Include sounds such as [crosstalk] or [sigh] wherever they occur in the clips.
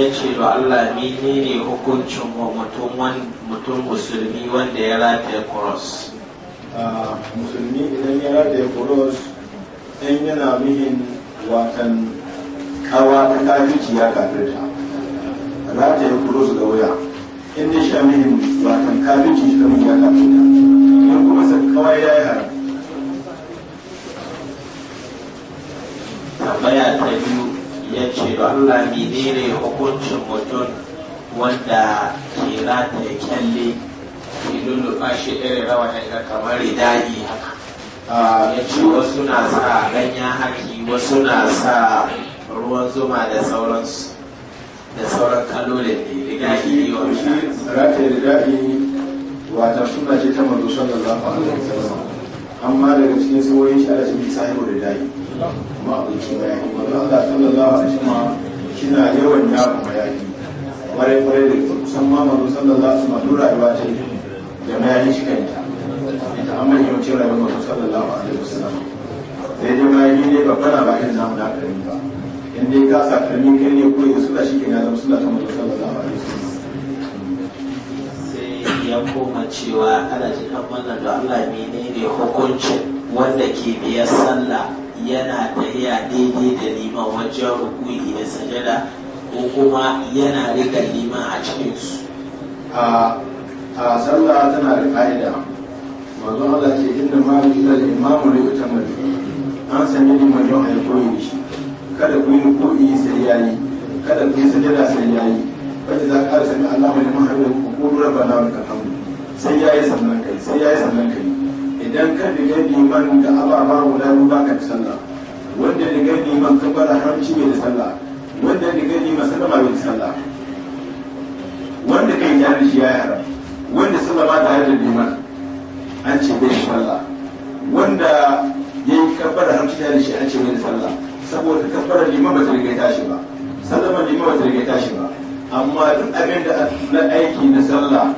ya ce ba Allah mene ne hukuncin wa mutum musulmi wanda ya rataya cross musulmi idan ya rataye cross in yana mihin watan kawa ta kafici ya kafirta rataye cross ga wuya in ya sha mihin watan kafici shi kamar ya kafirta in kuma kawai ya yi haram tambaya ta biyu ya ce Allah menene hukuncin mutum wanda ke rata ya kyalle lulluɓa shi irin rawanin ga kamar ridani haka ah. ya ce wasu na sa ganyen haki wasu na sa ruwan zuma da sauransu da sauran kalolin ne rigaɗi ne wa da rigaɗi wata suna ce ta manzo sallallahu alaihi wasallam amma daga cikin saurin shi ala cikin sahibu da dai amma abokin a wanda Allah sallallahu alaihi shi na yawan ya bayani kwarai kwarai da san ma manzo sallallahu alaihi wasallam duk rayuwa ta da bayani shi kanta ita amma yau ce rayuwar manzo sallallahu alaihi wasallam sai dai bayani ne ba kana ba irin zamu da karimi ba in dai ka sa karimi kai ne ko yasu da shi ke na zama suna ta manzo sallallahu alaihi yan koma cewa ana jikan wannan da Allah menene hukuncin wanda ke biyar sallah yana tahiya daidai da liman wajen rukuni da sajada ko kuma yana rika liman a cikin su a sallah tana da ka'ida manzo Allah ce inda ma da imamu ne ita mai an sanya liman don ayi koyi kada ku yi koyi sai yayi kada ku yi sajada sai yayi فإذا قال سمع الله فقولوا ربنا ولك الحمد sai ya yi sannan kai sai ya yi sannan kai idan ka riga liman da ababa guda biyu ba ka sallah wanda riga liman kan bada haramci bai da sallah wanda riga liman sallama bai da sallah wanda kai ya rishi ya haram wanda sallah ba ta da liman an ce bai sallah wanda ya yi kabbara haramci ya rishi an ce bai saboda ta ba tashi ba amma duk abin da na aiki na sallah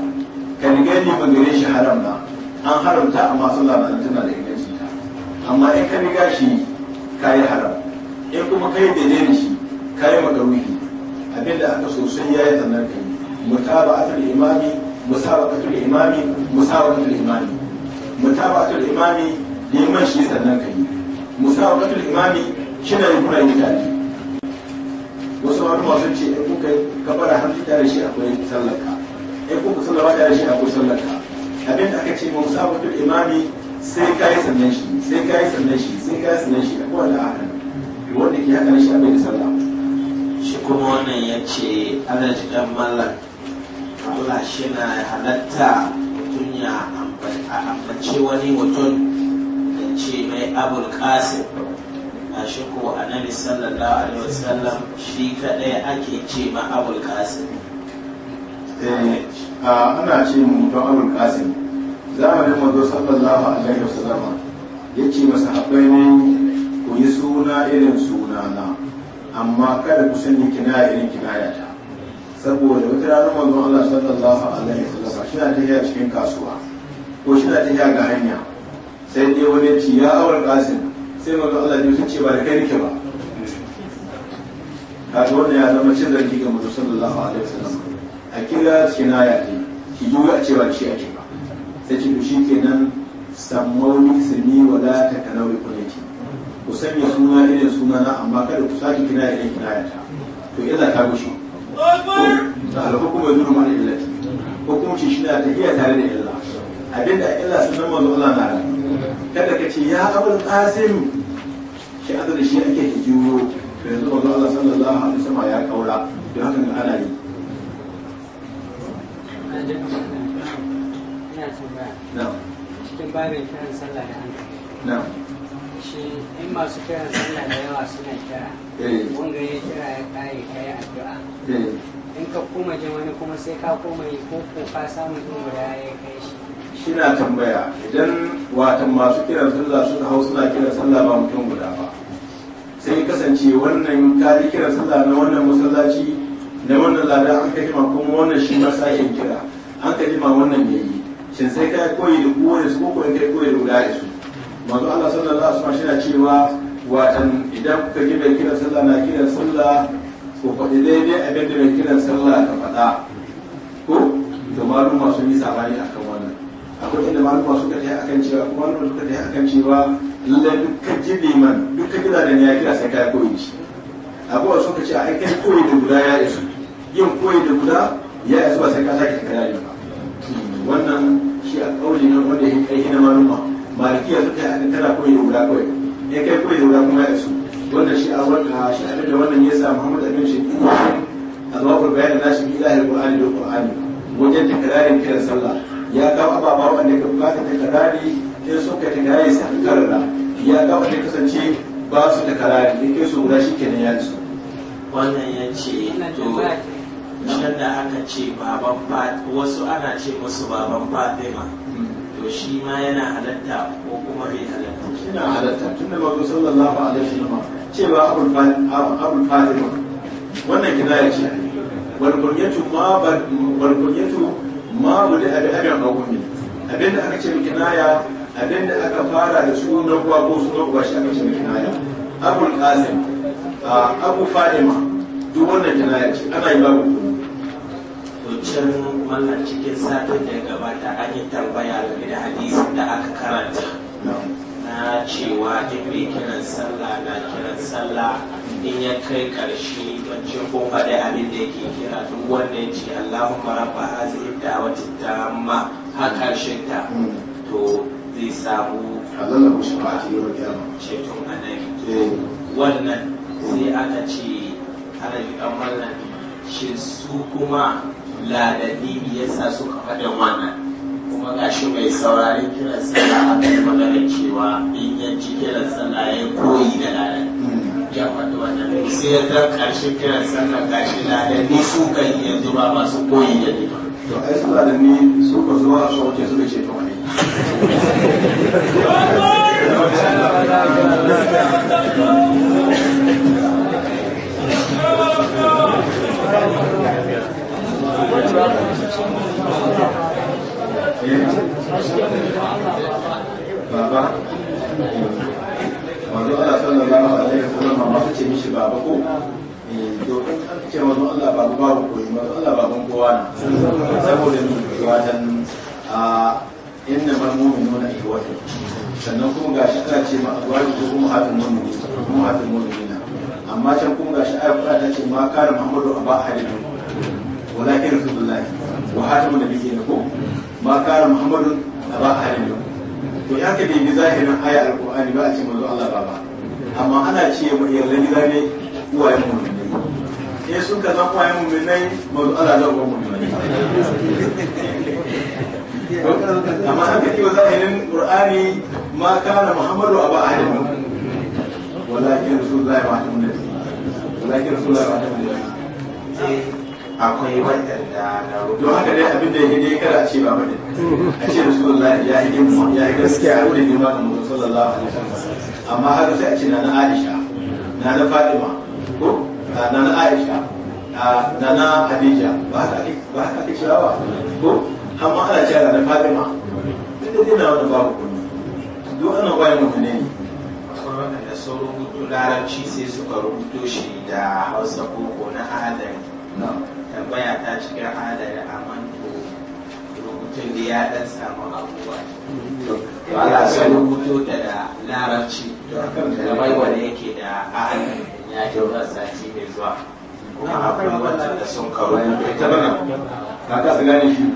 kan gani ba gare shi haram ba an haramta amma sallah na tana da inganci ta amma in ka riga shi ka yi haram in kuma kai daidai da shi ka yi makaruhi abin da aka so sun yi sannan kai mutaba'atul imami musabaqatul imami musabaqatul imami mutaba'atul imami neman shi sannan kai musabaqatul imami shi ne kuna yi tare wasu wani masu ce in kuka kabara har fita da shi akwai sallaka in kuka sallama da shi akwai sallaka abin da aka ce mun sabu duk imami sai ka yi sannan shi sai ka yi sannan shi sai ka yi sannan shi akwai wanda aka wanda ke haka shi abin da sallah shi kuma wannan ya ce alaji dan mallan Allah shi na halatta mutum ya ambace wani mutum da ce mai abul qasim a shiko annabi sallallahu alaihi wasallam shi kadai ake ce ma abul eh, a ana ce mu don abul kasim zamanin mazo sallallahu alaihi wasallam ya ce masa haɓai ne ku yi suna irin suna na amma kada ku sanya kinaya irin ta saboda wata ranar manzon Allah sallallahu alaihi wasallam shi na tafiya cikin kasuwa ko shi na tafiya ga hanya sai dai wani ci ya awar kasin sai manzo Allah ya ce ba da kai nake ba kaji wannan ya zama cin zargi ga manzo sallallahu alaihi wasallam a kira kinaya ne ki duba a ce ba shi ake ba sai ki dushi kenan sammauni sumi wala ta takanawi kullati ku sanya suna irin suna na amma kada ku saki kinaya irin kinaya ta to illa ta gushi ta alhukumu yaduru ma'al illati hukunci shi na tafiya tare da illa abinda illa sunan manzo Allah na rayu kada ka ce ya abul qasim shi azar shi ake hijiyo da yanzu manzo Allah sallallahu alaihi wasallam ya kaura don haka ga ana yi cikin babin kiran sallah da hankali shi in masu kiran sallah da yawa suna kira eh. wanda ya kira ya kare yi addu'a eh. in ka koma jin wani kuma sai ka koma yi ko ko ka samu guda ya kai shina tambaya idan watan masu kiran sallah suka hau suna kiran sallah ba mutum guda ba sai kasance wannan kari kiran sallah na wannan masallaci na wannan lada an kai ma kuma wannan shi ma sashen kira an kai ma wannan yi shin sai kai koyi da kowane su ko ko kai koyi da guda su manzo Allah sallallahu alaihi wasallam shi cewa watan idan kuka gina kiran sallah na kiran sallah ko faɗi daidai abin da mai kiran sallah ka faɗa ko da malum masu yi sabani akan akwai inda malama suka tafi akan cewa kuma wanda suka tafi akan cewa lallai dukkan man dukkan gida da ya kira sai kai koyi shi abuwa suka ce a aikin koyi da guda ya isu yin koyi da guda ya isu ba sai ka sake kana ba wannan shi a kauli na wanda ya kai na maliki ya suka yi akan tana koyi da guda kawai ya kai koyi da guda kuma ya isu wannan shi a wata shi a da wannan ya sa Muhammad abin shi a zuwa da nashi bi ilahil Qur'ani da Qur'ani wajen takararin kiran sallah ya ga ababa wanda ka buƙata ta karari ke so ka tinda ya sa karara ya ga wanda kasance ba su da karari in ke so guda shi kenan ya ci wannan ya ce to shan da aka ce baban fatima wasu ana ce musu baban fatima to shi ma yana halatta ko kuma bai halatta yana halatta tun da mazu sallallahu alaihi ce ba abul fatima wannan ya ce wal kunyatu ma wal ma da abin abin abin abinda aka ce miki kinaya abinda aka fara da su na kuwa ko su na kuwa shi aka ce miki kinaya abu kasim abu fadima duk wannan jinaya ce ana yi babu to can wannan cikin satin da ya gabata an yi tambaya game da hadisin da aka karanta na cewa duk mai kiran sallah na kiran sallah in ya kai ƙarshe wancan kun faɗi abin da yake kira duk wanda ya ce Allahumma rabba da wata dama har karshen ta to zai samu azalla ku ceton annabi eh. wannan sai aka ce ana yi dan wannan shi su kuma ladani yasa suka faɗa wannan kuma gashi mai sauraron kiran sallah a kan magana cewa in yanci kiran sallah ya koyi da ladabi. ya faɗi wannan sai ya ta ƙarshe kiran sallar gashi ladan ni su kan yanzu ba masu koyi da ni to ai su da ni su ka zuwa a shauke su ce to eh? Baba, manzo Allah sallallahu alaihi wasallam ba su ce mishi baba ko domin eh, an ce manzo Allah babu babu koyi manzo Allah baban kowa ne saboda ni watan a inna man mu'minuna ihwatu sannan kuma gashi ana ce ma azwaju ko kuma hatin mu'minin kuma hatin mu'minina amma can kuma gashi ayat Qur'an ta ce ma kana Muhammadu aba hadithu walakin rasulullahi wa hatimu nabiyyin ko ma kana Muhammadu aba hadithu to ya ka bi zahirin aya alqur'ani ba a ce manzo Allah ba ba amma ana ce mu yarda ni zane uwayen mu ne sun ka zan uwayen mu ne manzo Allah zan uwayen mu ne amma haka ke zahirin qur'ani ma kana muhammadu aba ahadin walakin rasulullahi wa alihi walakin rasulullahi wa alihi akwai waɗanda na rubu haka dai abin da ya dai kada a ce ba bane a ce rasulullahi ya yi mu ya yi gaske gaskiya ko da girma da mutum sallallahu alaihi wasallam amma haka sai a ce na na Aisha na na Fatima ko na na Aisha na na Hadija ba haka ake ba cewa ko amma ana ce na na Fatima duk da dai na wani babu kuma duk ana bayan mutane ne waɗanda sauran rubutu larabci sai suka rubuto shi da hausa koko na adam tambaya ta shiga a amanto mutum da ya dan samu abubuwa to ala sai rubuto ta da larabci da bai yake da ahalin ya ji wani sati mai zuwa kuma akwai wata da karo bana ka ka su gane shi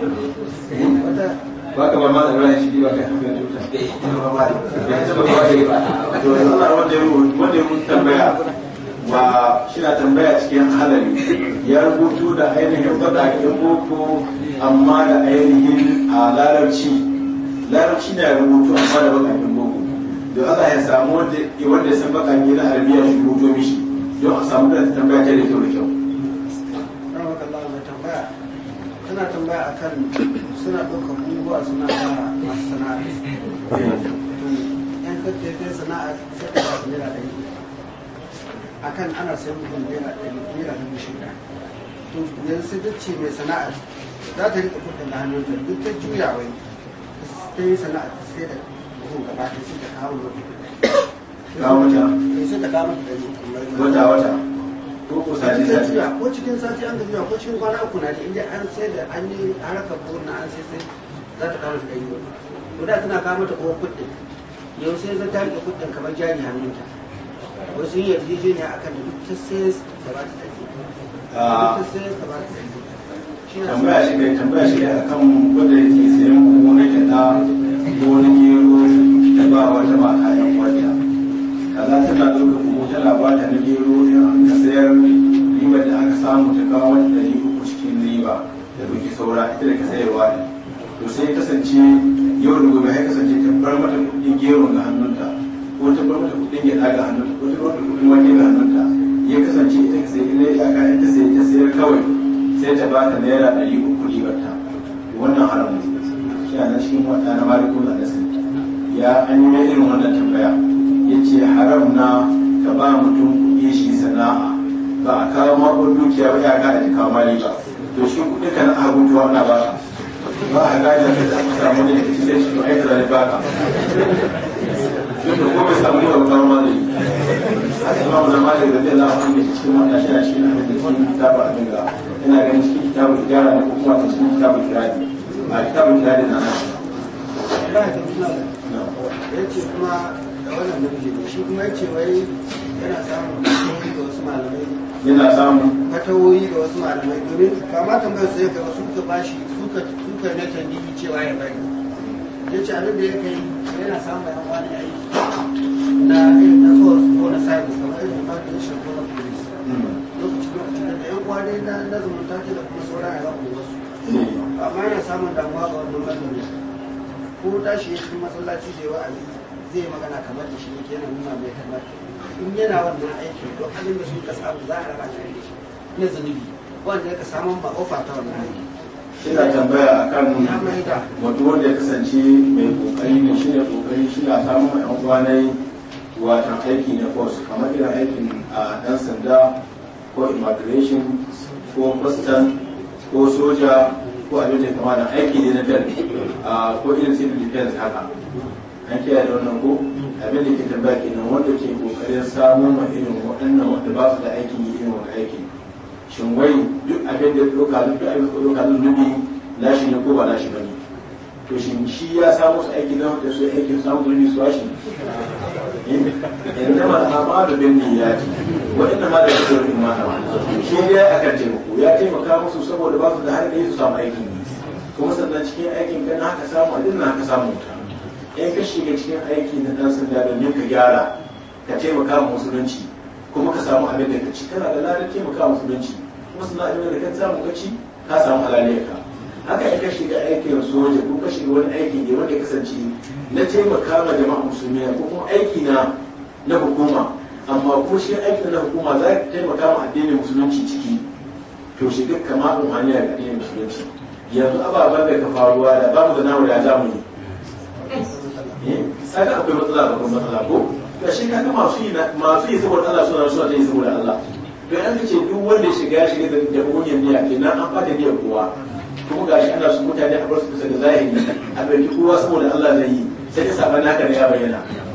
ba ka ba ma da ruwan shi ba ka yi ta eh, ba ba ba ba ba ba ba ba ba ba ba ba ba ba ba ba na tambaya cikin halari ya rubutu da ainihin baɗaƙen boko amma da ainihin a larabci larabci na rubutu amma da baƙaƙen boko don Allah ya samu wanda ya san baƙaƙe na arabiya shi rubuto mishi don a samu da tambaya ta da kyau da kyau suna tambaya a kan suna ɗaukar abubuwa suna ba masu sana'a yan [laughs] kakkafe sana'a sai da naira akan ana sayan bugun naira naira dubu shida to yanzu sai dace mai sana'ar za ta riƙa kuɗin da hannun ta duk ta juya wai ta yi sana'ar ta sai da bugun gaba ta sai ta kawo wata kawo wata eh, sai ta kawo wata ɗari wata wata ko sati sati ko cikin sati an gajiya ko cikin kwana uku na inda an sai da an yi haraka burin an sai sai za ta kara ɗari guda tana kawo mata kowa kuɗin yau sai zai ta riƙe kuɗin kamar jari hannunta wasu yi yarjejeniya akan da duk ta sayas da ba ta take ah. tambaya shi kai tambaya shi kai akan wanda yake sayan ko na kyanda ko na gero da ba wata ma kayan kwaliya kaza tana ɗauka kuma tana ba na gero da an ka sayar riba da aka samu ta kawo wata ɗari uku cikin riba da ɗauki saura ita da ka sayarwa ne to sai kasance yau da gobe ya kasance ta bar mata kuɗin gero ga hannun wata gwamnati kudin ya daga hannunta wata gwamnati kudin wani ga hannunta ya kasance ita ka sai ilai ta kayan ta sai ta sayar kawai sai ta ba ta naira ɗari uku ribarta wannan haramun shi a nan cikin wata na mariko na nasi ya an yi irin wannan tambaya ya ce haram na ka ba mutum kuɗi shi sana'a ba a kawo makon dukiya ba ya ka da kawo mali ba to shi kuɗi kan a hutuwa na ba ba a gajar da ta samu ne ta ce shi ba a ba ka to ko zama a cikin cikin wannan shi a cikin cikin kitabu ganin kitabu ko kuma kitabu a kitabu na ya ce kuma da yana samun da fatawoyi da wasu malamai domin kama tambayar sai ga su ka bashi suka suka na tambayi cewa ya bari ya ce abin da ya kai yana samun yan wani aiki na irin ko na service kamar ko na police lokacin lokacin da na da kuma sauran a zaɓin wasu hmm. amma yana samun damuwa ga wannan malami ko ya cikin masallaci da yawa abin zai magana kamar da shi ne kenan nuna mai kamar in yana wannan aikin duk abin da sun ka samu za a shi na zunubi wanda ya ka samun ba ofa ta wannan aiki shida tambaya a kan wanda ya kasance mai kokari ne kokari samun yan watan aiki na force kamar irin aikin a dan sanda ko immigration ko custom ko soja ko abin da kama da aiki ne na bel ko irin civil defense haka an kiyaye da wannan ko abin da ke tambaya kenan wanda ke kokarin samun ma irin waɗannan wanda ba su da aikin yi irin wani aiki shin wai duk abin da ya ɗauka duk abin da ya ɗauka nubi lashi ne ko ba lashi ba ne to shi shi ya samu su aiki eh, na da su aiki samun gurin su washi inna ma da bin niyyati ce. Waɗanda ma yaqulu ma shi ya yi akan taimako ya taimaka musu saboda ba su da harkar su samu aikin kuma sannan cikin aikin na haka samu a dinna haka samu ta in ka shiga cikin aiki na ɗan sanda domin ka gyara ka taimaka wa musulunci kuma ka samu abin da ka ci kana da ladar taimaka wa musulunci kuma sannan abin da ka samu ka ci ka samu halaliyar ka haka ya ka shiga aikin soja ko ka shiga wani aiki ne wanda ya kasance na taimaka ma jama'a musulmi ko kuma aiki na na hukuma amma ko shi aiki na hukuma za ka taimaka ma addinin musulunci ciki to shi duk kama in hanya ga addinin musulunci yanzu ababen da ka faruwa da mu da namu da za ne yi saka eh, akwai matsala ba kuma matsala ko ga shi kaga masu yi masu yi saboda Allah suna suna ta yi saboda Allah to an ce duk wanda shiga shiga da hukumin niyya kenan an fata niyyar kowa kuma gashi ana su mutane a barsu bisa da zahiri a bai kowa saboda Allah zai yi sai ta saba naka da ya bayyana